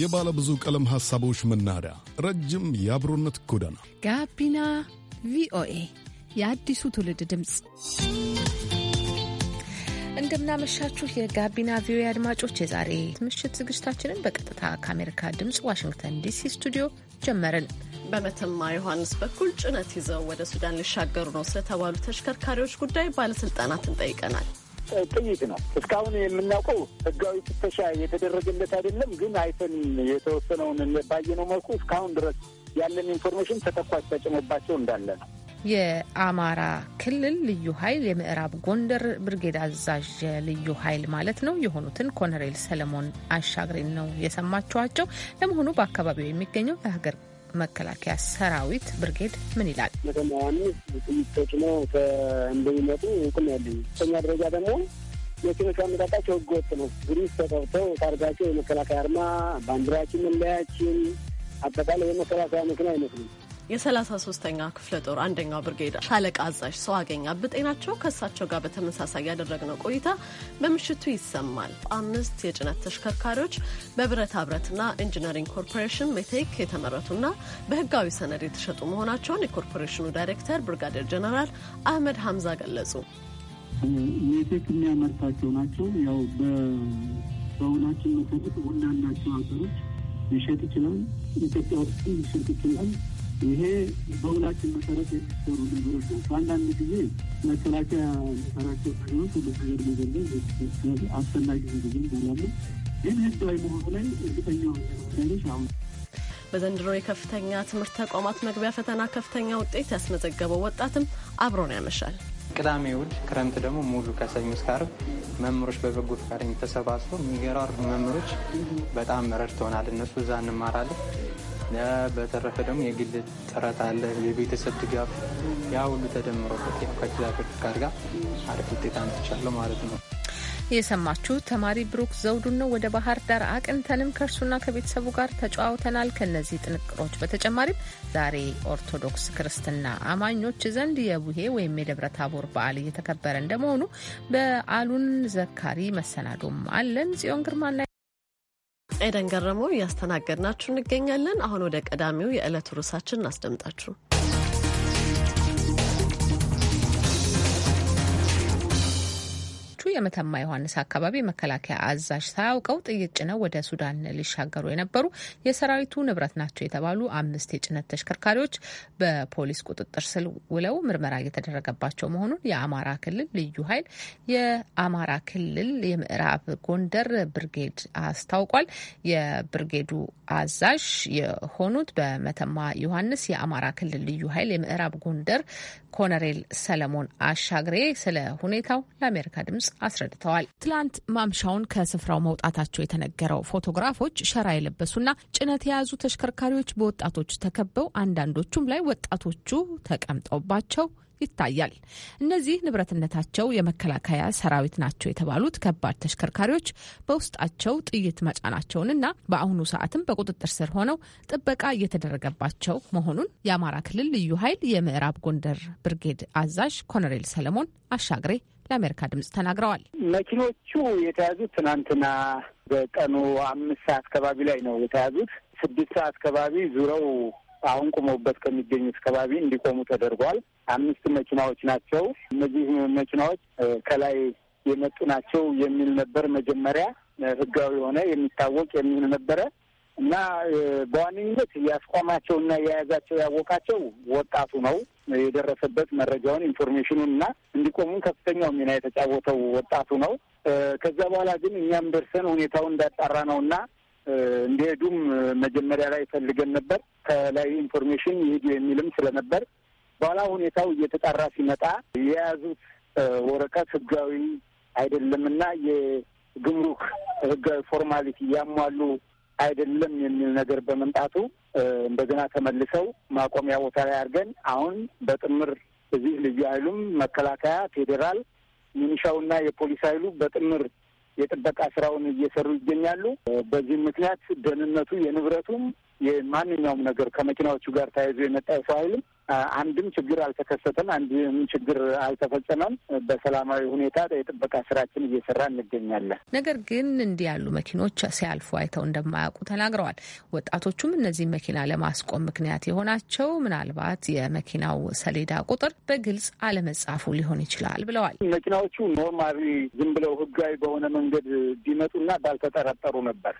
የባለ ብዙ ቀለም ሐሳቦች መናኸሪያ፣ ረጅም የአብሮነት ጎዳና ጋቢና ቪኦኤ የአዲሱ ትውልድ ድምፅ። እንደምናመሻችሁ የጋቢና ቪኦኤ አድማጮች፣ የዛሬ ምሽት ዝግጅታችንን በቀጥታ ከአሜሪካ ድምፅ ዋሽንግተን ዲሲ ስቱዲዮ ጀመርን። በመተማ ዮሐንስ በኩል ጭነት ይዘው ወደ ሱዳን ሊሻገሩ ነው ስለተባሉ ተሽከርካሪዎች ጉዳይ ባለስልጣናትን ጠይቀናል። ጥይት ነው። እስካሁን የምናውቀው ህጋዊ ፍተሻ የተደረገለት አይደለም። ግን አይተን የተወሰነውን ባየነው መልኩ እስካሁን ድረስ ያለን ኢንፎርሜሽን ተተኳሽ ተጭኖባቸው እንዳለ ነው። የአማራ ክልል ልዩ ኃይል የምዕራብ ጎንደር ብርጌድ አዛዥ ልዩ ኃይል ማለት ነው የሆኑትን ኮሎኔል ሰለሞን አሻግሬን ነው የሰማችኋቸው። ለመሆኑ በአካባቢው የሚገኘው የሀገር መከላከያ ሰራዊት ብርጌድ ምን ይላል? መተማዋን ነው እንደሚመጡ እውቅም ያለኝ። ደረጃ ደግሞ መኪኖቹ አመጣጣቸው ህገወጥ ነው። ግሪስ ተጠርተው ታርጋቸው የመከላከያ አርማ፣ ባንዲራችን፣ መለያችን፣ አጠቃላይ የመከላከያ መኪና አይመስልም። የሰላሳ ሶስተኛ ክፍለ ጦር አንደኛው ብርጌድ ሻለቃ አዛዥ ሰው አገኛ ብጤናቸው ከእሳቸው ጋር በተመሳሳይ ያደረግነው ቆይታ በምሽቱ ይሰማል። አምስት የጭነት ተሽከርካሪዎች በብረታ ብረትና ኢንጂነሪንግ ኮርፖሬሽን ሜቴክ የተመረቱና በህጋዊ ሰነድ የተሸጡ መሆናቸውን የኮርፖሬሽኑ ዳይሬክተር ብርጋዴር ጀነራል አህመድ ሀምዛ ገለጹ። ሜቴክ የሚያመርታቸው ናቸው። ያው በሆናችን መሰረት ሁላናቸው ሀገሮች ሊሸጥ ይችላል። ኢትዮጵያ ውስጥ ሊሸጥ ይችላል። ይሄ በሁላችን መሰረት የተሰሩ ነገሮች ነው። በአንዳንድ ጊዜ መከላከያ የሚሰራቸው ነገሮች ሁሉ ነገር መገለጽ አስፈላጊ ጊዜ ይላለ ግን ህጋዊ መሆኑ ላይ እርግጠኛ ሆነች አሁን በዘንድሮ የከፍተኛ ትምህርት ተቋማት መግቢያ ፈተና ከፍተኛ ውጤት ያስመዘገበው ወጣትም አብሮን ያመሻል። ቅዳሜ እሑድ፣ ክረምት ደግሞ ሙሉ ከሰኞ እስከ ዓርብ መምህሮች በበጎ ፈቃደኝ ተሰባስበው የሚገራሩ መምህሮች በጣም ረድተውናል። እነሱ እዛ እንማራለን በተረፈ ደግሞ የግል ጥረት አለ፣ የቤተሰብ ድጋፍ፣ ያ ሁሉ ተደምሮበት ከእግዚአብሔር ጋር አሪፍ ውጤት አንትቻለሁ ማለት ነው። የሰማችሁ ተማሪ ብሩክ ዘውዱን ነው። ወደ ባህር ዳር አቅንተንም ከእርሱና ከቤተሰቡ ጋር ተጫዋውተናል። ከነዚህ ጥንቅሮች በተጨማሪም ዛሬ ኦርቶዶክስ ክርስትና አማኞች ዘንድ የቡሄ ወይም የደብረ ታቦር በዓል እየተከበረ እንደመሆኑ በዓሉን ዘካሪ መሰናዶም አለን። ጽዮን ግርማና ኤደን ገረመው እያስተናገድናችሁ እንገኛለን። አሁን ወደ ቀዳሚው የዕለት ርዕሳችን እናስደምጣችሁ። የመተማ ዮሐንስ አካባቢ መከላከያ አዛዥ ሳያውቀው ጥይት ጭነው ወደ ሱዳን ሊሻገሩ የነበሩ የሰራዊቱ ንብረት ናቸው የተባሉ አምስት የጭነት ተሽከርካሪዎች በፖሊስ ቁጥጥር ስር ውለው ምርመራ እየተደረገባቸው መሆኑን የአማራ ክልል ልዩ ኃይል የአማራ ክልል የምዕራብ ጎንደር ብርጌድ አስታውቋል። የብርጌዱ አዛዥ የሆኑት በመተማ ዮሐንስ የአማራ ክልል ልዩ ኃይል የምዕራብ ጎንደር ኮነሬል ሰለሞን አሻግሬ ስለ ሁኔታው ለአሜሪካ ድምጽ አስረድተዋል። ትላንት ማምሻውን ከስፍራው መውጣታቸው የተነገረው ፎቶግራፎች ሸራ የለበሱና ጭነት የያዙ ተሽከርካሪዎች በወጣቶች ተከበው አንዳንዶቹም ላይ ወጣቶቹ ተቀምጠውባቸው ይታያል። እነዚህ ንብረትነታቸው የመከላከያ ሰራዊት ናቸው የተባሉት ከባድ ተሽከርካሪዎች በውስጣቸው ጥይት መጫናቸውንና በአሁኑ ሰዓትም በቁጥጥር ስር ሆነው ጥበቃ እየተደረገባቸው መሆኑን የአማራ ክልል ልዩ ኃይል የምዕራብ ጎንደር ብርጌድ አዛዥ ኮሎኔል ሰለሞን አሻግሬ ለአሜሪካ ድምጽ ተናግረዋል። መኪኖቹ የተያዙት ትናንትና በቀኑ አምስት ሰዓት አካባቢ ላይ ነው የተያዙት። ስድስት ሰዓት አካባቢ ዙረው አሁን ቁመውበት ከሚገኙት ከባቢ እንዲቆሙ ተደርጓል። አምስት መኪናዎች ናቸው። እነዚህ መኪናዎች ከላይ የመጡ ናቸው የሚል ነበር መጀመሪያ ህጋዊ የሆነ የሚታወቅ የሚል ነበረ እና በዋነኝነት እና የያዛቸው ያወቃቸው ወጣቱ ነው የደረሰበት መረጃውን ኢንፎርሜሽኑን እና እንዲቆሙን ከፍተኛው ሚና የተጫወተው ወጣቱ ነው። ከዛ በኋላ ግን እኛም ደርሰን ሁኔታውን እንዳጣራ ነው እና እንዲሄዱም መጀመሪያ ላይ ፈልገን ነበር። ከላይ ኢንፎርሜሽን ይሄዱ የሚልም ስለነበር በኋላ ሁኔታው እየተጣራ ሲመጣ የያዙት ወረቀት ህጋዊ እና የግምሩክ ህጋዊ ፎርማሊቲ ያሟሉ አይደለም የሚል ነገር በመምጣቱ እንደገና ተመልሰው ማቆሚያ ቦታ ላይ አድርገን አሁን በጥምር እዚህ ልዩ ኃይሉም መከላከያ፣ ፌዴራል ሚኒሻውና የፖሊስ ኃይሉ በጥምር የጥበቃ ስራውን እየሰሩ ይገኛሉ። በዚህም ምክንያት ደህንነቱ የንብረቱም የማንኛውም ነገር ከመኪናዎቹ ጋር ተያይዞ የመጣ የሰው ኃይልም አንድም ችግር አልተከሰተም፣ አንድም ችግር አልተፈጸመም። በሰላማዊ ሁኔታ የጥበቃ ስራችን እየሰራ እንገኛለን። ነገር ግን እንዲህ ያሉ መኪኖች ሲያልፉ አይተው እንደማያውቁ ተናግረዋል። ወጣቶቹም እነዚህ መኪና ለማስቆም ምክንያት የሆናቸው ምናልባት የመኪናው ሰሌዳ ቁጥር በግልጽ አለመጻፉ ሊሆን ይችላል ብለዋል። መኪናዎቹ ኖርማሊ ዝም ብለው ህጋዊ በሆነ መንገድ ቢመጡና ባልተጠረጠሩ ነበር።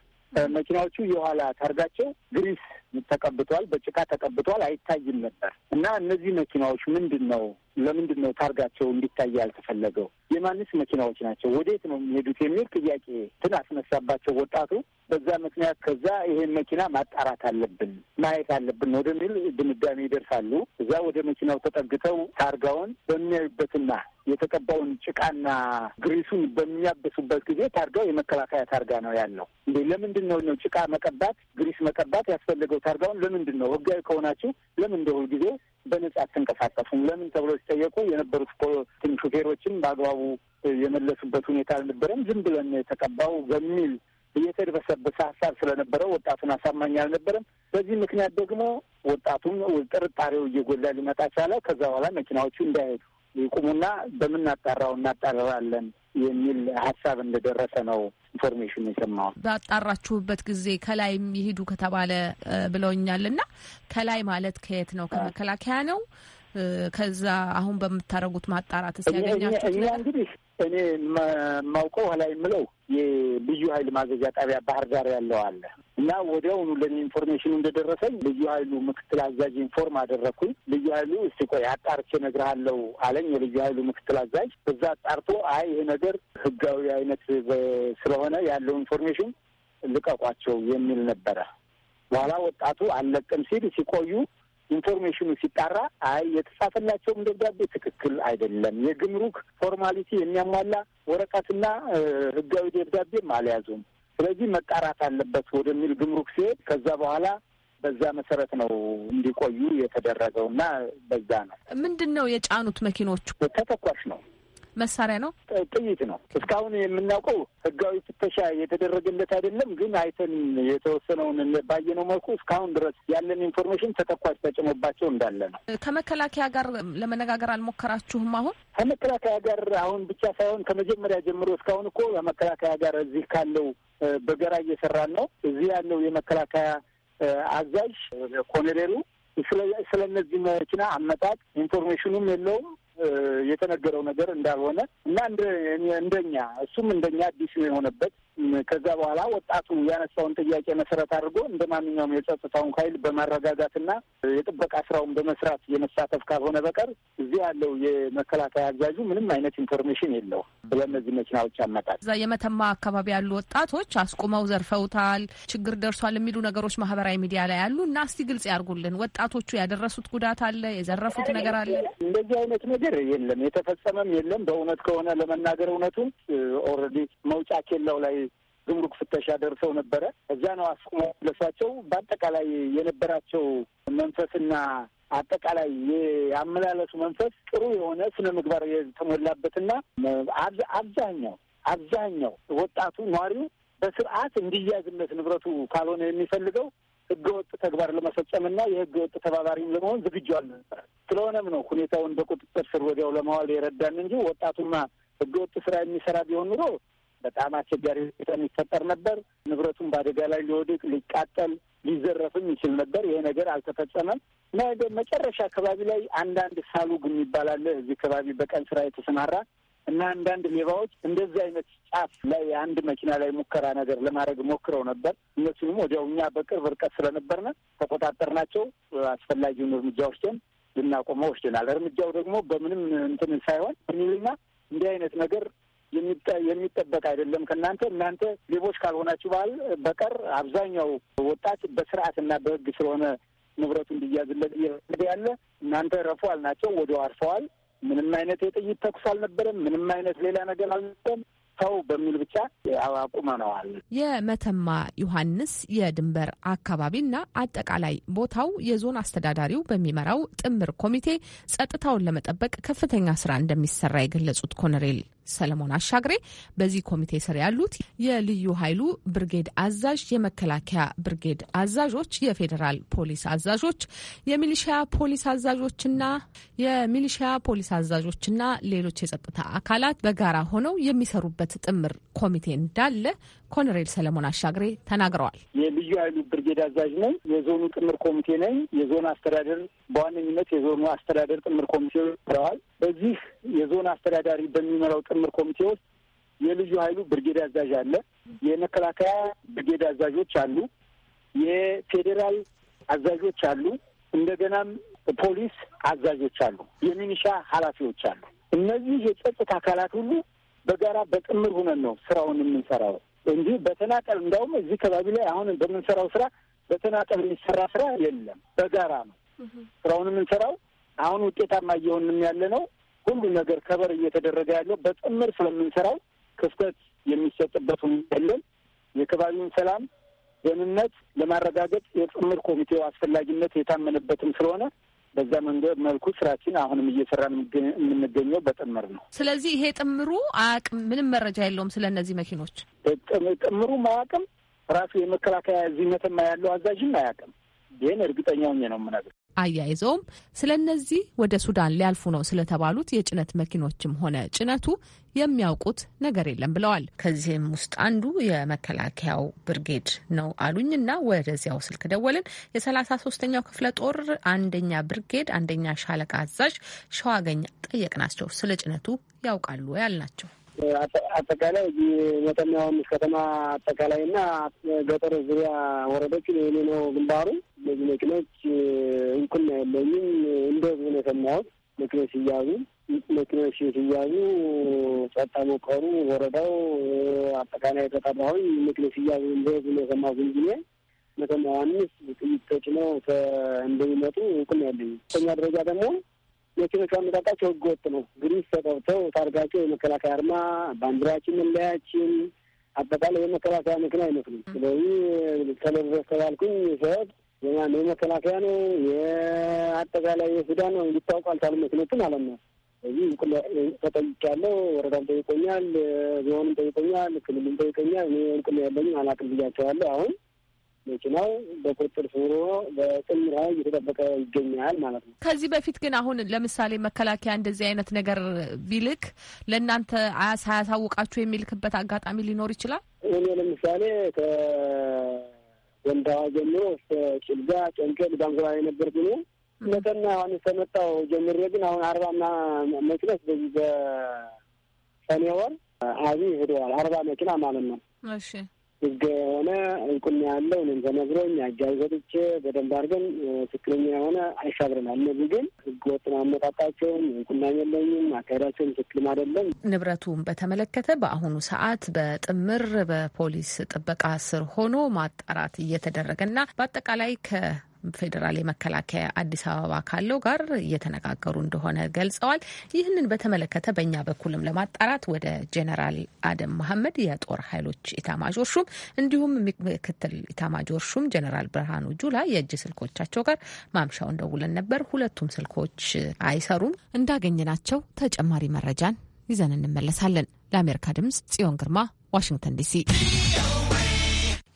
መኪናዎቹ የኋላ ታርጋቸው ግሪስ ተቀብቷል፣ በጭቃ ተቀብቷል፣ አይታይም ነበር እና እነዚህ መኪናዎች ምንድን ነው ለምንድን ነው ታርጋቸው እንዲታይ ያልተፈለገው? የማንስ መኪናዎች ናቸው? ወዴት ነው የሚሄዱት? የሚል ጥያቄ ትን አስነሳባቸው ወጣቱ። በዛ ምክንያት ከዛ ይሄን መኪና ማጣራት አለብን ማየት አለብን ወደሚል ድምዳሜ ይደርሳሉ። እዛ ወደ መኪናው ተጠግተው ታርጋውን በሚያዩበትና የተቀባውን ጭቃና ግሪሱን በሚያበሱበት ጊዜ ታርጋው የመከላከያ ታርጋ ነው ያለው። እንዴ ለምንድን ነው ጭቃ መቀባት፣ ግሪስ መቀባት ያስፈለገው? ታርጋውን ለምንድን ነው ህጋዊ ከሆናችሁ ለምን እንደ በነጻ አትንቀሳቀሱም ለምን ተብሎ ሲጠየቁ የነበሩት ሹፌሮችም በአግባቡ የመለሱበት ሁኔታ አልነበረም፣ ዝም ብለን የተቀባው በሚል እየተደበሰበሰ ሀሳብ ስለነበረ ወጣቱን አሳማኝ አልነበረም። በዚህ ምክንያት ደግሞ ወጣቱም ጥርጣሬው እየጎላ ሊመጣ ቻለ። ከዛ በኋላ መኪናዎቹ እንዳይሄዱ ይቁሙና በምናጣራው እናጣራለን የሚል ሀሳብ እንደደረሰ ነው ኢንፎርሜሽን የሰማው። ባጣራችሁበት ጊዜ ከላይ የሚሄዱ ከተባለ ብለውኛል። እና ከላይ ማለት ከየት ነው? ከመከላከያ ነው? ከዛ አሁን በምታደርጉት ማጣራት ሲያገኛችሁ እኛ እንግዲህ እኔ የማውቀው ኋላ የምለው የልዩ ኃይል ማዘዣ ጣቢያ ባህር ዳር ያለው አለ። እና ወዲያውኑ ለእኔ ኢንፎርሜሽኑ እንደደረሰኝ ልዩ ኃይሉ ምክትል አዛዥ ኢንፎርም አደረግኩኝ። ልዩ ኃይሉ እስቲ ቆይ አጣርቼ እነግርሃለሁ አለኝ። የልዩ ኃይሉ ምክትል አዛዥ እዛ አጣርቶ አይ ይሄ ነገር ህጋዊ አይነት ስለሆነ ያለው ኢንፎርሜሽን ልቀቋቸው የሚል ነበረ። በኋላ ወጣቱ አለቅም ሲል ሲቆዩ ኢንፎርሜሽኑ ሲጣራ አይ የተጻፈላቸውም ደብዳቤ ትክክል አይደለም፣ የግምሩክ ፎርማሊቲ የሚያሟላ ወረቀትና ህጋዊ ደብዳቤም አልያዙም ስለዚህ መጣራት አለበት ወደሚል ግምሩክ ሲሄድ ከዛ በኋላ በዛ መሰረት ነው እንዲቆዩ የተደረገው እና በዛ ነው ምንድን ነው የጫኑት መኪኖቹ ተተኳሽ ነው መሳሪያ ነው፣ ጥይት ነው። እስካሁን የምናውቀው ህጋዊ ፍተሻ የተደረገለት አይደለም። ግን አይተን የተወሰነውን ባየነው መልኩ እስካሁን ድረስ ያለን ኢንፎርሜሽን ተተኳሽ ተጭሞባቸው እንዳለ ነው። ከመከላከያ ጋር ለመነጋገር አልሞከራችሁም? አሁን ከመከላከያ ጋር አሁን ብቻ ሳይሆን ከመጀመሪያ ጀምሮ እስካሁን እኮ ከመከላከያ ጋር እዚህ ካለው በገራ እየሰራን ነው። እዚህ ያለው የመከላከያ አዛዥ ኮሎኔሉ ስለ እነዚህ መኪና አመጣጥ ኢንፎርሜሽኑም የለውም የተነገረው ነገር እንዳልሆነ እና እንደኛ እሱም እንደኛ አዲስ የሆነበት ከዛ በኋላ ወጣቱ ያነሳውን ጥያቄ መሰረት አድርጎ እንደ ማንኛውም የጸጥታውን ኃይል በማረጋጋትና የጥበቃ ስራውን በመስራት የመሳተፍ ካልሆነ በቀር እዚህ ያለው የመከላከያ አዛዡ ምንም አይነት ኢንፎርሜሽን የለው ስለእነዚህ መኪናዎች አመጣል። እዛ የመተማ አካባቢ ያሉ ወጣቶች አስቁመው ዘርፈውታል፣ ችግር ደርሷል የሚሉ ነገሮች ማህበራዊ ሚዲያ ላይ ያሉ እና እስቲ ግልጽ ያርጉልን፣ ወጣቶቹ ያደረሱት ጉዳት አለ? የዘረፉት ነገር አለ? እንደዚህ አይነት ነገር የለም፣ የተፈጸመም የለም። በእውነት ከሆነ ለመናገር እውነቱን ኦልሬዲ መውጫ ኬላው ላይ ጉምሩክ ፍተሻ ደርሰው ነበረ። እዛ ነው አስቁሞ መለሷቸው። በአጠቃላይ የነበራቸው መንፈስና አጠቃላይ የአመላለሱ መንፈስ ጥሩ የሆነ ስነ ምግባር የተሞላበትና አብዛኛው አብዛኛው ወጣቱ ነዋሪው በስርዓት እንዲያዝነት ንብረቱ ካልሆነ የሚፈልገው ህገወጥ ተግባር ለመፈጸምና የህገወጥ ተባባሪም ለመሆን ዝግጁ አልነበረ። ስለሆነም ነው ሁኔታውን በቁጥጥር ስር ወዲያው ለማዋል የረዳን እንጂ ወጣቱማ ህገወጥ ስራ የሚሰራ ቢሆን ኑሮ በጣም አስቸጋሪ ሁኔታ ይፈጠር ነበር። ንብረቱን በአደጋ ላይ ሊወድቅ፣ ሊቃጠል፣ ሊዘረፍም ይችል ነበር። ይሄ ነገር አልተፈጸመም። ነገ መጨረሻ አካባቢ ላይ አንዳንድ ሳሉግ የሚባል አለ እዚህ አካባቢ በቀን ስራ የተሰማራ እና አንዳንድ ሌባዎች እንደዚህ አይነት ጫፍ ላይ አንድ መኪና ላይ ሙከራ ነገር ለማድረግ ሞክረው ነበር። እነሱንም ወዲያው እኛ በቅርብ ርቀት ስለነበርነ ተቆጣጠርናቸው። አስፈላጊውን እርምጃ ወስደን ልናቆመው ወስደናል። እርምጃው ደግሞ በምንም እንትን ሳይሆን እኒልና እንዲህ አይነት ነገር የሚጠበቅ አይደለም ከእናንተ እናንተ ሌቦች ካልሆናችሁ ባል በቀር አብዛኛው ወጣት በስርዓትና በህግ ስለሆነ ንብረቱ እንዲያዝለት እየፈለገ ያለ እናንተ ረፏል ናቸው። ወዲያው አርፈዋል። ምንም አይነት የጥይት ተኩስ አልነበረም። ምንም አይነት ሌላ ነገር አልነበረም። ሰው በሚል ብቻ አቁመነዋል። የመተማ ዮሐንስ የድንበር አካባቢና አጠቃላይ ቦታው የዞን አስተዳዳሪው በሚመራው ጥምር ኮሚቴ ጸጥታውን ለመጠበቅ ከፍተኛ ስራ እንደሚሰራ የገለጹት ኮነሬል ሰለሞን አሻግሬ በዚህ ኮሚቴ ስር ያሉት የልዩ ኃይሉ ብርጌድ አዛዥ፣ የመከላከያ ብርጌድ አዛዦች፣ የፌዴራል ፖሊስ አዛዦች፣ የሚሊሺያ ፖሊስ አዛዦችና የሚሊሺያ ፖሊስ አዛዦችና ሌሎች የጸጥታ አካላት በጋራ ሆነው የሚሰሩበት ጥምር ኮሚቴ እንዳለ ኮሎኔል ሰለሞን አሻግሬ ተናግረዋል። የልዩ ኃይሉ ብርጌድ አዛዥ ነኝ። የዞኑ ጥምር ኮሚቴ ነኝ። የዞን አስተዳደር በዋነኝነት የዞኑ አስተዳደር ጥምር ኮሚቴ ብለዋል። በዚህ የዞን አስተዳዳሪ በሚመራው ጥምር ኮሚቴ ውስጥ የልዩ ኃይሉ ብርጌድ አዛዥ አለ። የመከላከያ ብርጌድ አዛዦች አሉ። የፌዴራል አዛዦች አሉ። እንደገናም ፖሊስ አዛዦች አሉ። የሚኒሻ ኃላፊዎች አሉ። እነዚህ የጸጥታ አካላት ሁሉ በጋራ በጥምር ሁነን ነው ስራውን የምንሰራው። እንጂ በተናጠል እንዲያውም እዚህ ከባቢ ላይ አሁን በምንሰራው ስራ በተናጠል የሚሰራ ስራ የለም፣ በጋራ ነው ስራውን የምንሰራው። አሁን ውጤታማ እየሆንም ያለ ነው። ሁሉ ነገር ከበር እየተደረገ ያለው በጥምር ስለምንሰራው ክፍተት የሚሰጥበት ሁኔታ የለም። የከባቢውን ሰላም ደህንነት ለማረጋገጥ የጥምር ኮሚቴው አስፈላጊነት የታመነበትም ስለሆነ በዛ መንገድ መልኩ ስራችን አሁንም እየሰራ የምንገኘው በጥምር ነው። ስለዚህ ይሄ ጥምሩ አያውቅም፣ ምንም መረጃ የለውም ስለ እነዚህ መኪኖች። ጥምሩ አያውቅም፣ ራሱ የመከላከያ እዚህ መተማ ያለው አዛዥም አያውቅም። ይህን እርግጠኛው ነው የምነግርህ። አያይዘውም ስለነዚህ ወደ ሱዳን ሊያልፉ ነው ስለተባሉት የጭነት መኪኖችም ሆነ ጭነቱ የሚያውቁት ነገር የለም ብለዋል። ከዚህም ውስጥ አንዱ የመከላከያው ብርጌድ ነው አሉኝና ወደዚያው ስልክ ደወልን። የሰላሳ ሶስተኛው ክፍለ ጦር አንደኛ ብርጌድ አንደኛ ሻለቃ አዛዥ ሸዋገኛ ጠየቅናቸው። ስለ ጭነቱ ያውቃሉ ያልናቸው አጠቃላይ መተማ ዮሐንስ ከተማ አጠቃላይ እና ገጠር ዙሪያ ወረዶች የኔ ነው ግንባሩ። እነዚህ መኪኖች እንኩና የለኝም እንደ ህዝብ ነው የሰማሁት። መኪኖች ሲያዙ መኪኖች ሲያዙ ጸጥታ መቀሩ ወረዳው አጠቃላይ የተጠራሁኝ መኪኖች ሲያዙ እንደ ህዝብ ነው የሰማሁት እንጂ መተማ ዮሐንስ ጥይት ተጭኖ እንደሚመጡ እንኩና ያለኝ ተኛ ደረጃ ደግሞ መኪኖቹ አመጣጣቸው ህገ ወጥ ነው። ግሪስ ተቀብተው ታርጋቸው የመከላከያ አርማ፣ ባንዲራችን፣ መለያችን አጠቃላይ የመከላከያ መኪና አይመስሉም። ስለዚህ ተለብሰት ተባልኩኝ ሰት የመከላከያ ነው የአጠቃላይ የሱዳን ነው እንዲታወቁ አልቻሉ መኪኖችን ማለት ነው። ስለዚህ ተጠይቄያለሁ። ወረዳም ጠይቆኛል፣ ዞንም ጠይቆኛል፣ ክልልም ጠይቆኛል። እኔ እውቅና ያለኝ አላቅም ብያቸዋለሁ አሁን መኪናው በቁጥጥር ስር በጥምር ኃይል እየተጠበቀ ይገኛል ማለት ነው። ከዚህ በፊት ግን አሁን ለምሳሌ መከላከያ እንደዚህ አይነት ነገር ቢልክ ለእናንተ ሳያሳውቃችሁ የሚልክበት አጋጣሚ ሊኖር ይችላል። እኔ ለምሳሌ ከወንዳዋ ጀምሮ እስከ ጭልጋ፣ ጨንቀል፣ ዳንጉራ የነበር እኔ መጠና አሁን ተመጣው ጀምሬ ግን አሁን አርባና መኪናስ በዚህ በሰኔ ወር አብይ ሄደዋል። አርባ መኪና ማለት ነው። እሺ ህጋዊ የሆነ እውቅና ያለው እኔም ተነግሮኝ አጃቢ ሰጥቼ በደንብ አድርገን ትክክለኛ የሆነ አይሻብረናል። እነዚህ ግን ህገወጥ ወጥ አመጣጣቸውም እውቅና የለኝም፣ አካሄዳቸውም ትክክልም አይደለም። ንብረቱን በተመለከተ በአሁኑ ሰዓት በጥምር በፖሊስ ጥበቃ ስር ሆኖ ማጣራት እየተደረገና በአጠቃላይ ከ ፌዴራል የመከላከያ አዲስ አበባ ካለው ጋር እየተነጋገሩ እንደሆነ ገልጸዋል። ይህንን በተመለከተ በእኛ በኩልም ለማጣራት ወደ ጄኔራል አደም መሐመድ የጦር ኃይሎች ኢታማጆር ሹም እንዲሁም ምክትል ኢታማጆር ሹም ጄኔራል ብርሃኑ ጁላ የእጅ ስልኮቻቸው ጋር ማምሻውን ደውለን ነበር። ሁለቱም ስልኮች አይሰሩም። እንዳገኘናቸው ተጨማሪ መረጃን ይዘን እንመለሳለን። ለአሜሪካ ድምጽ ጽዮን ግርማ ዋሽንግተን ዲሲ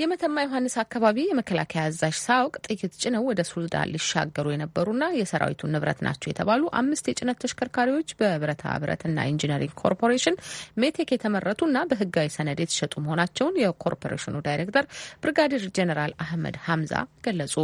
የመተማ ዮሐንስ አካባቢ የመከላከያ አዛዥ ሳውቅ ጥይት ጭነው ወደ ሱዳን ሊሻገሩ የነበሩና የሰራዊቱ ንብረት ናቸው የተባሉ አምስት የጭነት ተሽከርካሪዎች በብረታ ብረትና ኢንጂነሪንግ ኮርፖሬሽን ሜቴክ የተመረቱና በህጋዊ ሰነድ የተሸጡ መሆናቸውን የኮርፖሬሽኑ ዳይሬክተር ብርጋዴር ጀኔራል አህመድ ሀምዛ ገለጹ።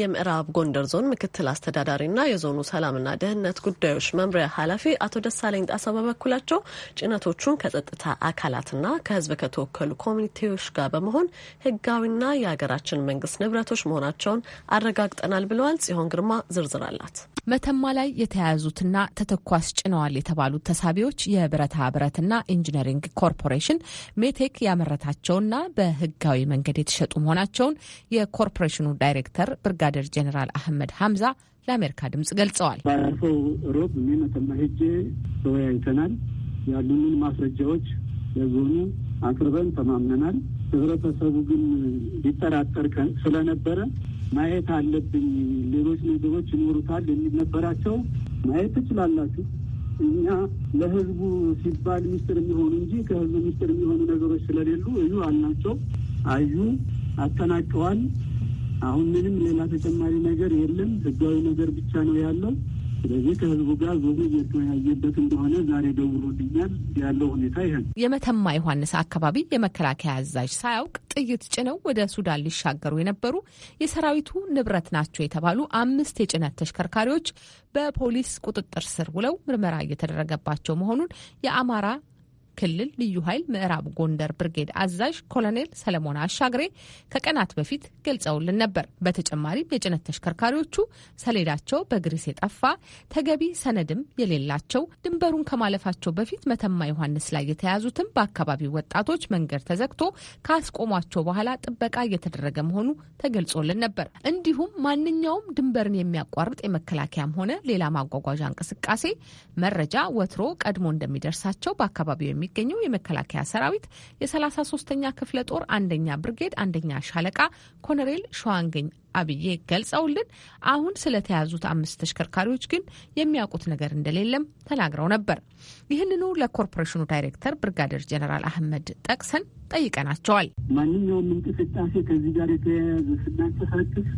የምዕራብ ጎንደር ዞን ምክትል አስተዳዳሪና የዞኑ ሰላምና ደህንነት ጉዳዮች መምሪያ ኃላፊ አቶ ደሳለኝ ጣሳ በበኩላቸው ጭነቶቹን ከጸጥታ አካላትና ከህዝብ ከተወከሉ ኮሚቴዎች ጋር በመሆን ህጋዊና የሀገራችን መንግስት ንብረቶች መሆናቸውን አረጋግጠናል ብለዋል። ጽዮን ግርማ ዝርዝር አላት። መተማ ላይ የተያያዙትና ተተኳስ ጭነዋል የተባሉት ተሳቢዎች የብረታ ብረትና ኢንጂነሪንግ ኮርፖሬሽን ሜቴክ ያመረታቸውና በህጋዊ መንገድ የተሸጡ መሆናቸውን የኮርፖሬሽኑ ዳይሬክተር ብርጋደር ጀነራል አህመድ ሐምዛ ለአሜሪካ ድምጽ ገልጸዋል። ባለፈው ሮብ እኔ መተማ ሄጄ ተወያይተናል። ያሉንን ማስረጃዎች ለዞኑ አቅርበን ተማምነናል። ህብረተሰቡ ግን ሊጠራጠር ስለነበረ ማየት አለብኝ፣ ሌሎች ነገሮች ይኖሩታል የሚል ነበራቸው። ማየት ትችላላችሁ እኛ ለህዝቡ ሲባል ሚስጥር የሚሆኑ እንጂ ከህዝቡ ሚስጥር የሚሆኑ ነገሮች ስለሌሉ እዩ አልናቸው። አዩ አጠናቀዋል። አሁን ምንም ሌላ ተጨማሪ ነገር የለም። ህጋዊ ነገር ብቻ ነው ያለው። ስለዚህ ከህዝቡ ጋር ዞሮ እየተወያየበት እንደሆነ ዛሬ ደውሎልኛል። ያለው ሁኔታ ይህን የመተማ ዮሐንስ አካባቢ የመከላከያ አዛዥ ሳያውቅ ጥይት ጭነው ወደ ሱዳን ሊሻገሩ የነበሩ የሰራዊቱ ንብረት ናቸው የተባሉ አምስት የጭነት ተሽከርካሪዎች በፖሊስ ቁጥጥር ስር ውለው ምርመራ እየተደረገባቸው መሆኑን የአማራ ክልል ልዩ ኃይል ምዕራብ ጎንደር ብርጌድ አዛዥ ኮሎኔል ሰለሞን አሻግሬ ከቀናት በፊት ገልጸውልን ነበር። በተጨማሪም የጭነት ተሽከርካሪዎቹ ሰሌዳቸው በግሪስ የጠፋ ተገቢ ሰነድም የሌላቸው ድንበሩን ከማለፋቸው በፊት መተማ ዮሐንስ ላይ የተያዙትም በአካባቢው ወጣቶች መንገድ ተዘግቶ ካስቆሟቸው በኋላ ጥበቃ እየተደረገ መሆኑ ተገልጾልን ነበር። እንዲሁም ማንኛውም ድንበርን የሚያቋርጥ የመከላከያም ሆነ ሌላ ማጓጓዣ እንቅስቃሴ መረጃ ወትሮ ቀድሞ እንደሚደርሳቸው በአካባቢው የሚ የሚገኘው የመከላከያ ሰራዊት የሰላሳ ሶስተኛ ክፍለ ጦር አንደኛ ብርጌድ አንደኛ ሻለቃ ኮነሬል ሸዋንገኝ አብዬ ገልጸውልን አሁን ስለተያዙት አምስት ተሽከርካሪዎች ግን የሚያውቁት ነገር እንደሌለም ተናግረው ነበር። ይህንኑ ለኮርፖሬሽኑ ዳይሬክተር ብርጋዴር ጀነራል አህመድ ጠቅሰን ጠይቀናቸዋል። ማንኛውም እንቅስቃሴ ከዚህ ጋር የተያያዘ ስናንቀሳቅስ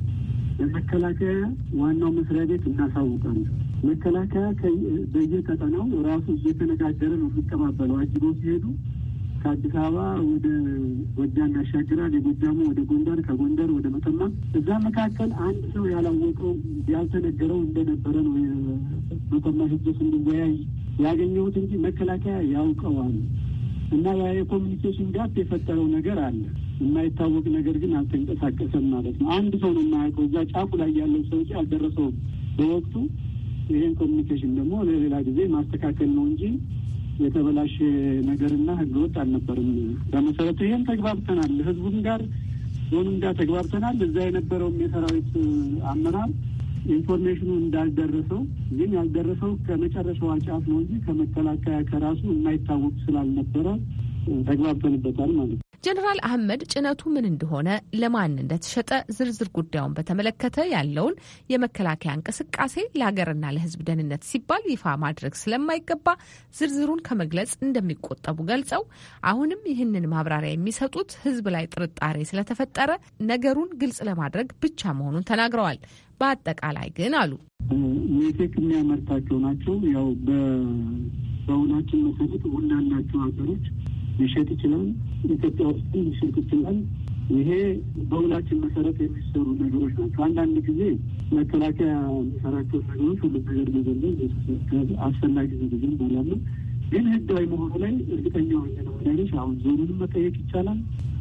ለመከላከያ ዋናው መስሪያ ቤት እናሳውቃለን። መከላከያ በየቀጠናው ራሱ እየተነጋገረ ነው የሚቀባበለው። አጅቦ ሲሄዱ ከአዲስ አበባ ወደ ጎጃም ያሻግራል፣ የጎጃሙ ወደ ጎንደር፣ ከጎንደር ወደ መተማ። እዛ መካከል አንድ ሰው ያላወቀው ያልተነገረው እንደነበረ ነው መተማ ህጆች እንዲወያይ ያገኘሁት እንጂ መከላከያ ያውቀዋል። እና ያ የኮሚኒኬሽን ጋፕ የፈጠረው ነገር አለ። የማይታወቅ ነገር ግን አልተንቀሳቀሰም ማለት ነው። አንድ ሰው ነው የማያውቀው። እዛ ጫፉ ላይ ያለው ሰው እንጂ አልደረሰውም በወቅቱ ይህን ኮሚኒኬሽን ደግሞ ለሌላ ጊዜ ማስተካከል ነው እንጂ የተበላሸ ነገርና ህገወጥ አልነበርም። በመሰረቱ ይህን ተግባብተናል፣ ህዝቡም ጋር ዞኑም ጋር ተግባብተናል። እዛ የነበረውም የሰራዊት አመራር ኢንፎርሜሽኑ እንዳልደረሰው ግን ያልደረሰው ከመጨረሻዋ ጫፍ ነው እንጂ ከመከላከያ ከራሱ የማይታወቅ ስላልነበረ ተግባብተንበታል ማለት ነው። ጀኔራል አህመድ ጭነቱ ምን እንደሆነ፣ ለማን እንደተሸጠ ዝርዝር ጉዳዩን በተመለከተ ያለውን የመከላከያ እንቅስቃሴ ለሀገርና ለሕዝብ ደህንነት ሲባል ይፋ ማድረግ ስለማይገባ ዝርዝሩን ከመግለጽ እንደሚቆጠቡ ገልጸው አሁንም ይህንን ማብራሪያ የሚሰጡት ሕዝብ ላይ ጥርጣሬ ስለተፈጠረ ነገሩን ግልጽ ለማድረግ ብቻ መሆኑን ተናግረዋል። በአጠቃላይ ግን አሉ ሜቴክ የሚያመርታቸው ናቸው። ያው በእውናችን መሰረት ሁላላቸው ሀገሮች ሊሸጥ ይችላል። ኢትዮጵያ ውስጥ ሊሸጥ ይችላል። ይሄ በሁላችን መሰረት የሚሰሩ ነገሮች ናቸው። አንዳንድ ጊዜ መከላከያ የሚሰራቸው ነገሮች ሁሉ ነገር መዘለን አስፈላጊ ዝግዝም ባላለ ግን ህጋዊ መሆኑ ላይ እርግጠኛ ሆኜ ነው ነገሮች አሁን ዞኑንም መጠየቅ ይቻላል።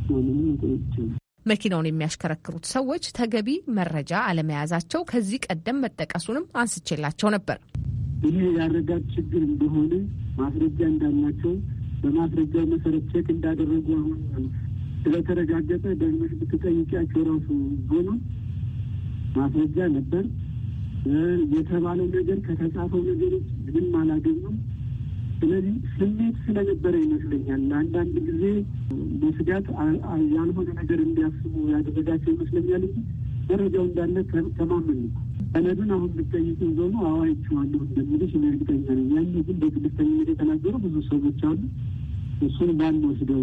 ዞኑንም መጠየቅ ይቻላል። መኪናውን የሚያሽከረክሩት ሰዎች ተገቢ መረጃ አለመያዛቸው ከዚህ ቀደም መጠቀሱንም አንስቼላቸው ነበር። ይህ ያረጋት ችግር እንደሆነ ማስረጃ እንዳላቸው በማስረጃ መሰረት ቼክ እንዳደረጉ አሁን ስለተረጋገጠ ደግመሽ ብትጠይቂያቸው ራሱ ሆኖ ማስረጃ ነበር የተባለው ነገር ከተጻፈው ነገሮች ምንም አላገኙም። ስለዚህ ስሜት ስለነበረ ይመስለኛል አንዳንድ ጊዜ በስጋት ያልሆነ ነገር እንዲያስቡ ያደረጋቸው ይመስለኛል እንጂ መረጃው እንዳለ ተማመን ነው። ሰነዱን አሁን ብትጠይቂው ዞኑ አዋይቸዋለሁ እንደሚልሽ እኔ እርግጠኛ ነኝ። ያን ግን በትዕግስተኝነት የተናገሩ ብዙ ሰዎች አሉ። እሱን ማን ወስደው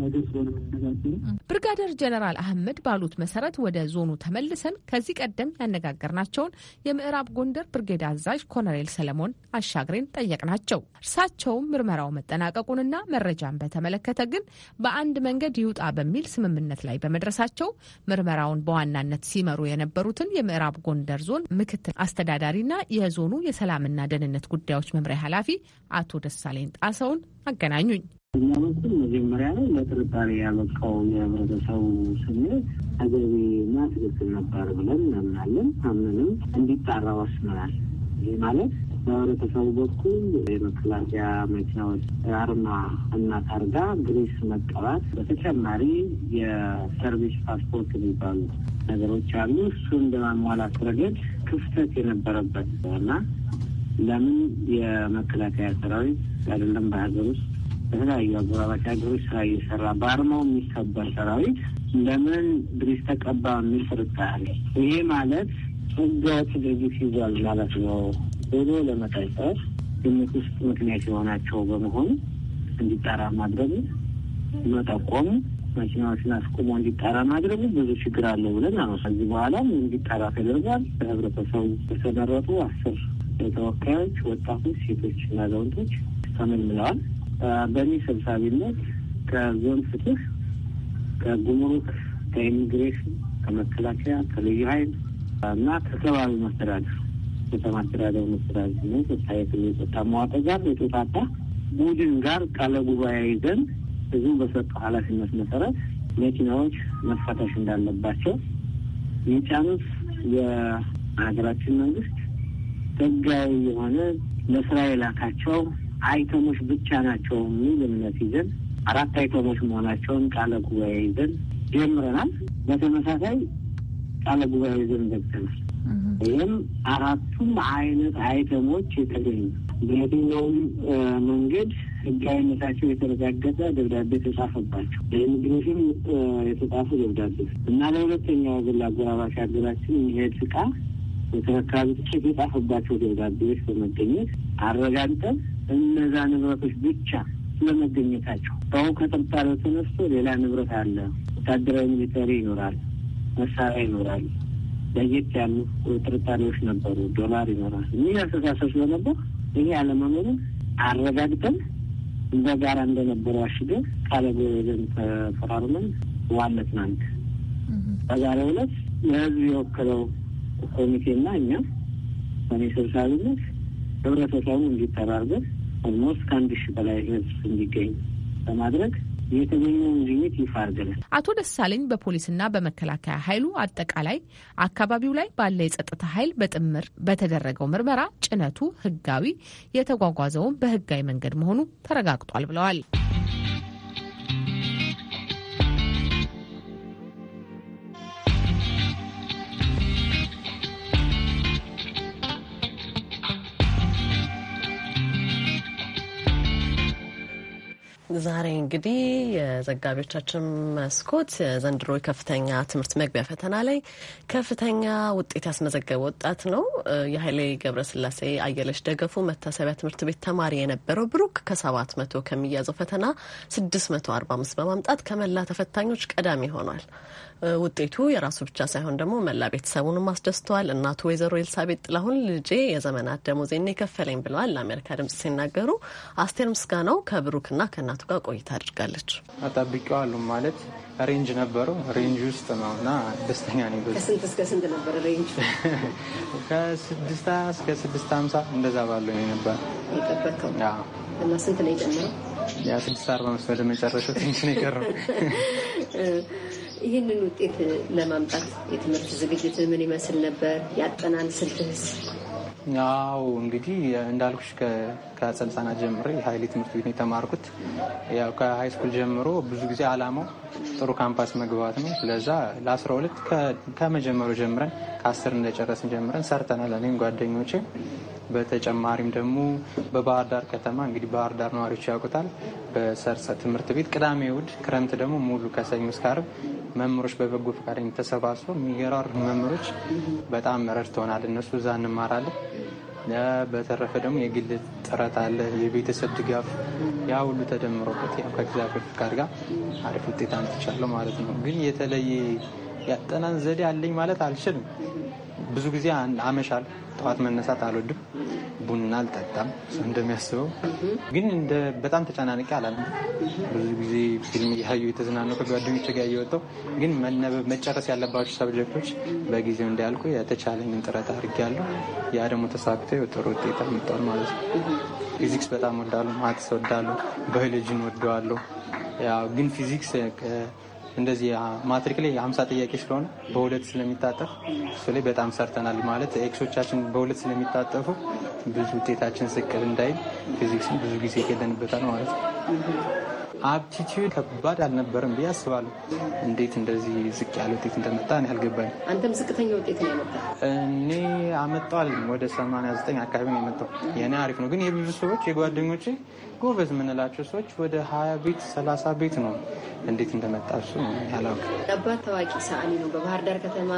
ሀገር ስለሆነ የምንነጋገረው። ብርጋደር ጀነራል አህመድ ባሉት መሰረት ወደ ዞኑ ተመልሰን ከዚህ ቀደም ያነጋገርናቸውን የምዕራብ ጎንደር ብርጌድ አዛዥ ኮሎኔል ሰለሞን አሻግሬን ጠየቅናቸው። እርሳቸውም ምርመራው መጠናቀቁንና መረጃን በተመለከተ ግን በአንድ መንገድ ይውጣ በሚል ስምምነት ላይ በመድረሳቸው ምርመራውን በዋናነት ሲመሩ የነበሩትን የምዕራብ ጎንደር ዞን ምክትል አስተዳዳሪና የዞኑ የሰላምና ደህንነት ጉዳዮች መምሪያ ኃላፊ አቶ ደሳለኝ ጣሰውን አገናኙኝ። እኛ በኩል መጀመሪያ ላይ ለጥርጣሬ ያበቃው የህብረተሰቡ ስሜት ተገቢና ትክክል ነበር ብለን እናምናለን። አምንም እንዲጣራ ወስነናል። ይህ ማለት በህብረተሰቡ በኩል የመከላከያ መኪናዎች አርማ እና ታርጋ ግሬስ መቀባት፣ በተጨማሪ የሰርቪስ ፓስፖርት የሚባሉ ነገሮች አሉ። እሱን በማሟላት ረገድ ክፍተት የነበረበት እና ለምን የመከላከያ ሰራዊት አይደለም በሀገር ውስጥ በተለያዩ አጎራባች ሀገሮች ስራ እየሰራ በአርማው የሚከበር ሰራዊት ለምን ድሪስ ተቀባ የሚል ፍርጣለ። ይሄ ማለት ህገወጥ ድርጊት ይዟል ማለት ነው ብሎ ለመጠርጠር ግምት ውስጥ ምክንያት የሆናቸው በመሆን እንዲጣራ ማድረጉ መጠቆም መኪናዎችን አስቁሞ እንዲጠራ ማድረጉ ብዙ ችግር አለው ብለን አሁ ከዚህ በኋላ እንዲጠራ ተደርጓል። በህብረተሰቡ የተመረጡ አስር ተወካዮች ወጣቶች፣ ሴቶች እና አዛውንቶች ተመልምለዋል። በእኔ ሰብሳቢነት ከዞን ፍትህ፣ ከጉምሩክ፣ ከኢሚግሬሽን፣ ከመከላከያ፣ ከልዩ ኃይል እና ከከባቢ መስተዳደር ከተማ አስተዳደር መስተዳደር ነው ስታየት የጸጥታ መዋቅር ጋር የተውጣጣ ቡድን ጋር ቃለ ጉባኤ ይዘን ህዝቡ በሰጠው ኃላፊነት መሰረት መኪናዎች መፈተሽ እንዳለባቸው የጫኑት የሀገራችን መንግስት ህጋዊ የሆነ ለስራ የላካቸው አይተሞች ብቻ ናቸው የሚል እምነት ይዘን አራት አይተሞች መሆናቸውን ቃለ ጉባኤ ይዘን ጀምረናል። በተመሳሳይ ቃለ ጉባኤ ይዘን ዘግተናል። ይህም አራቱም አይነት አይተሞች የተገኙ በየትኛውም መንገድ ህጋዊነታቸው የተረጋገጠ ደብዳቤ ተጻፈባቸው በኢሚግሬሽን የተጻፉ ደብዳቤ እና ለሁለተኛ ወገን ለአጎራባሽ ሀገራችን የሚሄድ እቃ የተረካቢ ትኬት የጻፈባቸው ደብዳቤዎች በመገኘት አረጋግጠን እነዛ ንብረቶች ብቻ ስለመገኘታቸው በአሁን ከጥርጣሬው ተነስቶ ሌላ ንብረት አለ፣ ወታደራዊ ሚሊተሪ ይኖራል፣ መሳሪያ ይኖራል፣ ለየት ያሉ ጥርጣሬዎች ነበሩ፣ ዶላር ይኖራል የሚል አስተሳሰብ ስለነበር ይሄ አለመኖሩን አረጋግጠን እንደ ጋራ አሽገን አሽገ ካለጎዘን ተፈራርመን ዋለ ትናንት በዛሬው ዕለት ለህዝብ የወክለው ኮሚቴና እኛም በእኔ ሰብሳቢነት ህብረተሰቡ እንዲተራርገን ኦልሞስት ከአንድ ሺህ በላይ ህዝብ እንዲገኝ በማድረግ የተገኘውን ግኝት ይፋ አድርገናል። አቶ ደሳለኝ በፖሊስና በመከላከያ ኃይሉ አጠቃላይ አካባቢው ላይ ባለ የጸጥታ ኃይል በጥምር በተደረገው ምርመራ ጭነቱ ህጋዊ፣ የተጓጓዘውን በህጋዊ መንገድ መሆኑ ተረጋግጧል ብለዋል። ዛሬ እንግዲህ የዘጋቢዎቻችን መስኮት ዘንድሮ ከፍተኛ ትምህርት መግቢያ ፈተና ላይ ከፍተኛ ውጤት ያስመዘገበ ወጣት ነው። የኃይሌ ገብረስላሴ አየለች ደገፉ መታሰቢያ ትምህርት ቤት ተማሪ የነበረው ብሩክ ከሰባት መቶ ከሚያዘው ፈተና ስድስት መቶ አርባ አምስት በማምጣት ከመላ ተፈታኞች ቀዳሚ ሆኗል። ውጤቱ የራሱ ብቻ ሳይሆን ደግሞ መላ ቤተሰቡንም አስደስተዋል። እናቱ ወይዘሮ ኤልሳቤጥ ጥላሁን ልጄ የዘመናት ደሞዜን የከፈለኝ ብለዋል ለአሜሪካ ድምጽ ሲናገሩ። አስቴር ምስጋናው ከብሩክና ከእናቱ ጋር ቆይታ አድርጋለች። አጣብቀዋሉ ማለት ሬንጅ ነበረው ሬንጅ ውስጥ ነው እና ደስተኛ ነኝ። ከስንት እስከ ስንት ነበረ ሬንጅ? ከስድስት እስከ ስድስት ሀምሳ እንደዛ ባለው ነበር የጠበቀው እና ስንት ነው የጨመረው? ያ ስድስት አርባ መስሎ መጨረሻው ትንሽ ነው የቀረው። ይህንን ውጤት ለማምጣት የትምህርት ዝግጅት ምን ይመስል ነበር? ያጠናን ስልትህስ? አዎ እንግዲህ እንዳልኩሽ ከሰልሳና ጀምሬ የሀይሌ ትምህርት ቤት ነው የተማርኩት። ያው ከሀይ ስኩል ጀምሮ ብዙ ጊዜ አላማው ጥሩ ካምፓስ መግባት ነው። ስለዛ ለ12 ከመጀመሩ ጀምረን ከአስር እንደጨረስን ጀምረን ሰርተናል፣ እኔም ጓደኞቼ። በተጨማሪም ደግሞ በባህር ዳር ከተማ እንግዲህ ባህር ዳር ነዋሪዎች ያውቁታል፣ በሰርሰ ትምህርት ቤት ቅዳሜ፣ እሑድ ክረምት ደግሞ ሙሉ ከሰኞ እስከ ዓርብ መምህሮች በበጎ ፈቃደኝ ተሰባስበው የሚገራሩ መምህሮች በጣም ረድተውናል። እነሱ እዛ እንማራለን በተረፈ ደግሞ የግል ጥረት አለ፣ የቤተሰብ ድጋፍ፣ ያ ሁሉ ተደምሮበት ያው ከእግዚአብሔር ፍቃድ ጋር አሪፍ ውጤት አምጥቻለሁ ማለት ነው። ግን የተለየ ያጠናን ዘዴ አለኝ ማለት አልችልም። ብዙ ጊዜ አመሻል። ጠዋት መነሳት አልወድም። ቡና አልጠጣም እንደሚያስበው። ግን እንደ በጣም ተጨናንቄ አላለም። ብዙ ጊዜ ፊልም እያዩ የተዝናኑ ከጓደኞቼ ጋር እየወጣሁ ግን መነበብ መጨረስ ያለባቸው ሰብጀክቶች በጊዜው እንዲያልቁ የተቻለኝን ጥረት አድርጌያለሁ። ያ ደግሞ ተሳክቶ ጥሩ ውጤት አምጥቷል ማለት ነው። ፊዚክስ በጣም ወዳለሁ፣ ማትስ ወዳለሁ፣ ባዮሎጂን ወደዋለሁ። ያው ግን ፊዚክስ እንደዚህ ማትሪክ ላይ የሀምሳ ጥያቄ ስለሆነ በሁለት ስለሚታጠፍ እሱ ላይ በጣም ሰርተናል። ማለት ኤክሶቻችን በሁለት ስለሚታጠፉ ብዙ ውጤታችን ዝቅ እንዳይል ፊዚክስን ብዙ ጊዜ ሄደንበታል ማለት ነው። አፕቲቲዩድ ከባድ አልነበረም ብዬ አስባለሁ። እንዴት እንደዚህ ዝቅ ያለ ውጤት እንደመጣ እኔ አልገባኝ። አንተም ዝቅተኛ ውጤት ነው የመጣ? እኔ አመጣዋል ወደ 89 አካባቢ ነው የመጣው። የኔ አሪፍ ነው ግን የብዙ ሰዎች የጓደኞች ጎበዝ የምንላቸው ሰዎች ወደ ሀያ ቤት ሰላሳ ቤት ነው። እንዴት እንደመጣ እሱ ያላውቅ። አባት ታዋቂ ሰዓሊ ነው። በባህር ዳር ከተማ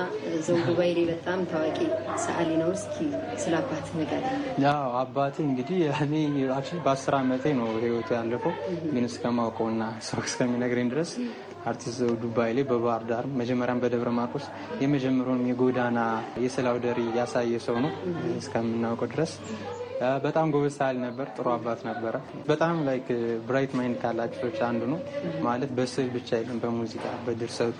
ዘውዱ ባይሌ በጣም ታዋቂ ሰዓሊ ነው። እስኪ ስለ አባት ንገር። አባቴ እንግዲህ በአስር ዓመቴ ነው ህይወቱ ያለፈው ግን እስከማ እስከማውቀውና ሰው እስከሚነግረኝ ድረስ አርቲስት ዘውዱ ባይሌ በባህር ዳር መጀመሪያም በደብረ ማርቆስ የመጀመሪያውን የጎዳና የስዕል አውደ ያሳየ ሰው ነው እስከምናውቀው ድረስ። በጣም ጎበዝ ሳል ነበር። ጥሩ አባት ነበረ። በጣም ላይክ ብራይት ማይንድ ካላቸው ሰዎች አንዱ ነው ማለት በስዕል ብቻ አይደለም፣ በሙዚቃ በድርሰቱ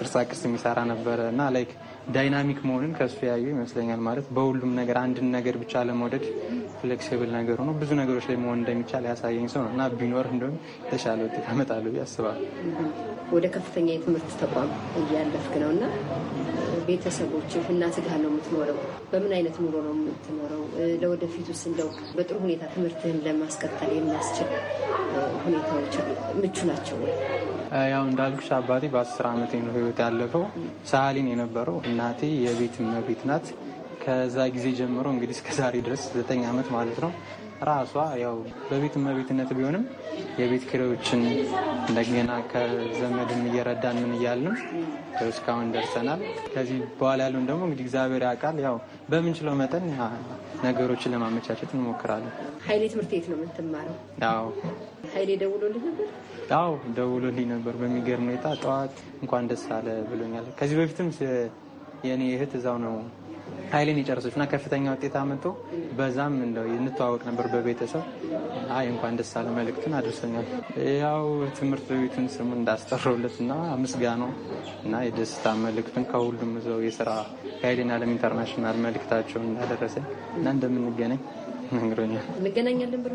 ቅርጻቅርጽ የሚሰራ ነበረ እና ላይክ ዳይናሚክ መሆንን ከሱ ያዩ ይመስለኛል። ማለት በሁሉም ነገር አንድን ነገር ብቻ ለመውደድ ፍሌክሲብል ነገር ሆኖ ብዙ ነገሮች ላይ መሆን እንደሚቻል ያሳየኝ ሰው ነው እና ቢኖር እንደውም የተሻለ ውጤት አመጣለሁ ያስባል። ወደ ከፍተኛ የትምህርት ተቋም እያለፍክ ነው እና ቤተሰቦች እናት ጋር ነው የምትኖረው? በምን አይነት ኑሮ ነው የምትኖረው? ለወደፊቱስ እንደው በጥሩ ሁኔታ ትምህርትህን ለማስቀጠል የሚያስችል ሁኔታዎች ምቹ ናቸው ወይ? ያው እንዳልኩሽ አባቴ በአስር ዓመቴ ነው ህይወት ያለፈው። ሳሊን የነበረው እናቴ የቤት እመቤት ናት። ከዛ ጊዜ ጀምሮ እንግዲህ እስከዛሬ ድረስ ዘጠኝ ዓመት ማለት ነው ራሷ ያው በቤት መቤትነት ቢሆንም የቤት ክሬዎችን እንደገና ከዘመድን እየረዳን ምን እያልንም እስካሁን ደርሰናል። ከዚህ በኋላ ያለውን ደግሞ እንግዲህ እግዚአብሔር ያውቃል። ያው በምንችለው መጠን ነገሮችን ለማመቻቸት እንሞክራለን። ሀይሌ ትምህርት ቤት ነው የምትማረው? አዎ። ሀይሌ ደውሎልኝ ነበር? አዎ ደውሎልኝ ነበር። በሚገርም ሁኔታ ጠዋት እንኳን ደስ አለ ብሎኛል። ከዚህ በፊትም የእኔ እህት እዛው ነው ኃይሌን የጨረሰች እና ከፍተኛ ውጤት አመጡ። በዛም እንደው እንተዋወቅ ነበር በቤተሰብ አይ እንኳን ደስ አለ መልእክቱን አድርሰኛል። ያው ትምህርት ቤቱን ስሙ እንዳስጠረውለት እና ነው እና የደስታ መልእክቱን ከሁሉም ዘው የስራ ከኃይሌን ዓለም ኢንተርናሽናል መልእክታቸውን እንዳደረሰኝ እና እንደምንገናኝ ነግሮኛል። እንገናኛለን ብሎ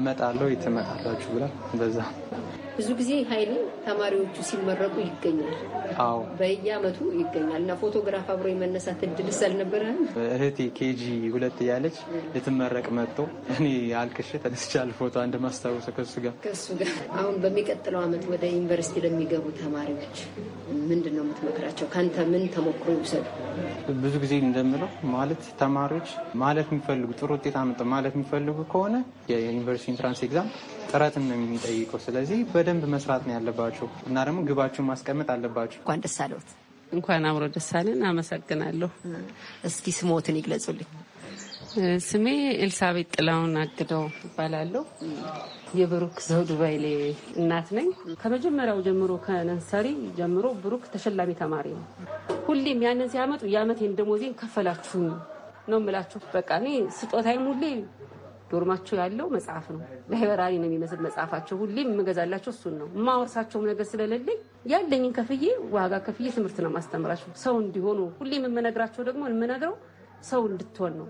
እመጣለሁ የትመጣላችሁ ብላል በዛ ብዙ ጊዜ ኃይሌ ተማሪዎቹ ሲመረቁ ይገኛል። አዎ በየአመቱ ይገኛል። እና ፎቶግራፍ አብሮ የመነሳት እድል አልነበረ? እህቴ ኬጂ ሁለት እያለች ልትመረቅ መጥቶ እኔ አልክሽ ተነስቻል ፎቶ አንድ ማስታወሰ ከሱ ጋር ከሱ ጋር። አሁን በሚቀጥለው አመት ወደ ዩኒቨርሲቲ ለሚገቡ ተማሪዎች ምንድን ነው የምትመክራቸው? ከአንተ ምን ተሞክሮ ይውሰዱ? ብዙ ጊዜ እንደምለው ማለት ተማሪዎች ማለት የሚፈልጉ ጥሩ ውጤት አመጣ ማለት የሚፈልጉ ከሆነ የዩኒቨርሲቲ ኢንትራንስ ኤግዛም ጥረትን ነው የሚጠይቀው። ስለዚህ በደንብ መስራት ነው ያለባቸው እና ደግሞ ግባችሁን ማስቀመጥ አለባቸው። እንኳን ደስ አለዎት። እንኳን አብሮ ደስ አለን። አመሰግናለሁ። እስቲ ስሞትን ይግለጹልኝ። ስሜ ኤልሳቤጥ ጥላውን አግደው ይባላለሁ። የብሩክ ዘውዱ ባይሌ እናት ነኝ። ከመጀመሪያው ጀምሮ ከነንሰሪ ጀምሮ ብሩክ ተሸላሚ ተማሪ ነው። ሁሌም ያንን ሲያመጡ የአመቴን ደሞዜን ከፈላችሁ ነው የምላችሁ። በቃ እኔ ስጦታይም ሁሌ ዶርማቸው ያለው መጽሐፍ ነው። ላይበራሪ ነው የሚመስል መጽሐፋቸው። ሁሌም የምገዛላቸው እሱን ነው። ማወርሳቸውም ነገር ስለሌለኝ ያለኝን ከፍዬ ዋጋ ከፍዬ ትምህርት ነው ማስተምራቸው። ሰው እንዲሆኑ ሁሌም የምነግራቸው ደግሞ የምነግረው ሰው እንድትሆን ነው።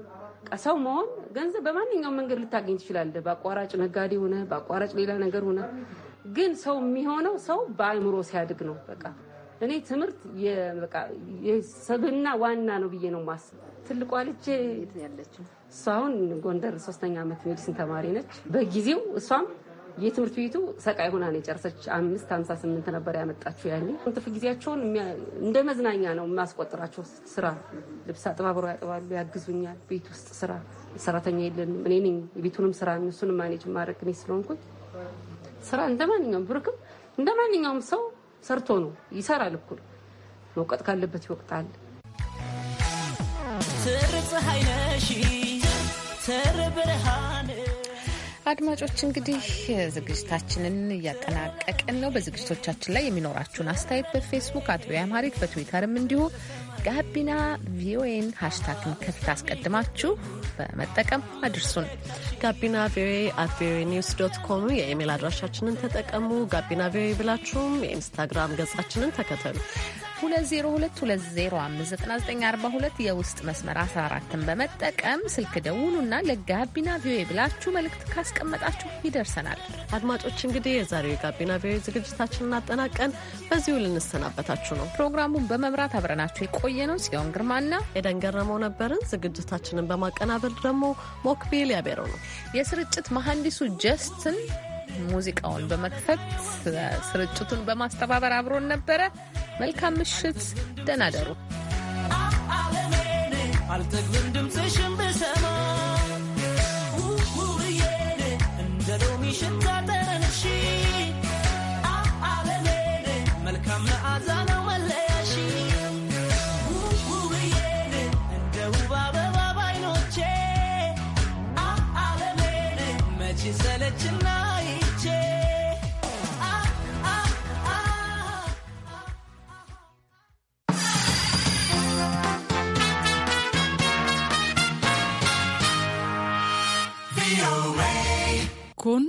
ሰው መሆን ገንዘብ በማንኛውም መንገድ ልታገኝ ትችላለህ። በአቋራጭ ነጋዴ ሆነ፣ በአቋራጭ ሌላ ነገር ሆነ፣ ግን ሰው የሚሆነው ሰው በአእምሮ ሲያድግ ነው። በቃ እኔ ትምህርት የሰብና ዋና ነው ብዬ ነው ማስብ። ትልቋ ልጄ ያለችው እሷ አሁን ጎንደር ሶስተኛ ዓመት ሜዲሲን ተማሪ ነች። በጊዜው እሷም የትምህርት ቤቱ ሰቃይ ሆና ነው የጨረሰች። አምስት ሀምሳ ስምንት ነበር ያመጣችው ያኔ። ትርፍ ጊዜያቸውን እንደ መዝናኛ ነው የሚያስቆጥራቸው። ስራ ልብስ አጥባብሮ ያጥባሉ፣ ያግዙኛል። ቤት ውስጥ ስራ ሰራተኛ የለንም። እኔ ነኝ የቤቱንም ስራ እነሱንም ማኔጅ ማድረግ እኔ ስለሆንኩኝ ስራ እንደ ማንኛውም ብርክም እንደ ማንኛውም ሰው ሰርቶ ነው ይሰራል። እኩል መውቀጥ ካለበት ይወቅጣል። ትርጽ ሀይነሺ አድማጮች እንግዲህ ዝግጅታችንን እያጠናቀቅን ነው። በዝግጅቶቻችን ላይ የሚኖራችሁን አስተያየት በፌስቡክ አት ቪኦኤ አማሪክ በትዊተርም እንዲሁ ጋቢና ቪኦኤን ሀሽታግን ከፊት አስቀድማችሁ በመጠቀም አድርሱን። ጋቢና ቪኦኤ አት ቪኦኤ ኒውስ ዶት ኮም የኢሜል አድራሻችንን ተጠቀሙ። ጋቢና ቪኦኤ ብላችሁም የኢንስታግራም ገጻችንን ተከተሉ። 2022059942 የውስጥ መስመር 14ን በመጠቀም ስልክ ደውሉና ለጋቢና ቪዮኤ ብላችሁ መልእክት ካስቀመጣችሁ ይደርሰናል። አድማጮች እንግዲህ የዛሬው የጋቢና ቪዮኤ ዝግጅታችን አጠናቀን በዚሁ ልንሰናበታችሁ ነው። ፕሮግራሙን በመምራት አብረናችሁ የቆየ ነው ጽዮን ግርማና ኤደን ገረመው ነበርን። ዝግጅታችንን በማቀናበር ደግሞ ሞክቢል ያቤረው ነው የስርጭት መሐንዲሱ ጀስትን ሙዚቃውን በመክፈት ስርጭቱን በማስተባበር አብሮን ነበረ። መልካም ምሽት፣ ደህና ደሩ።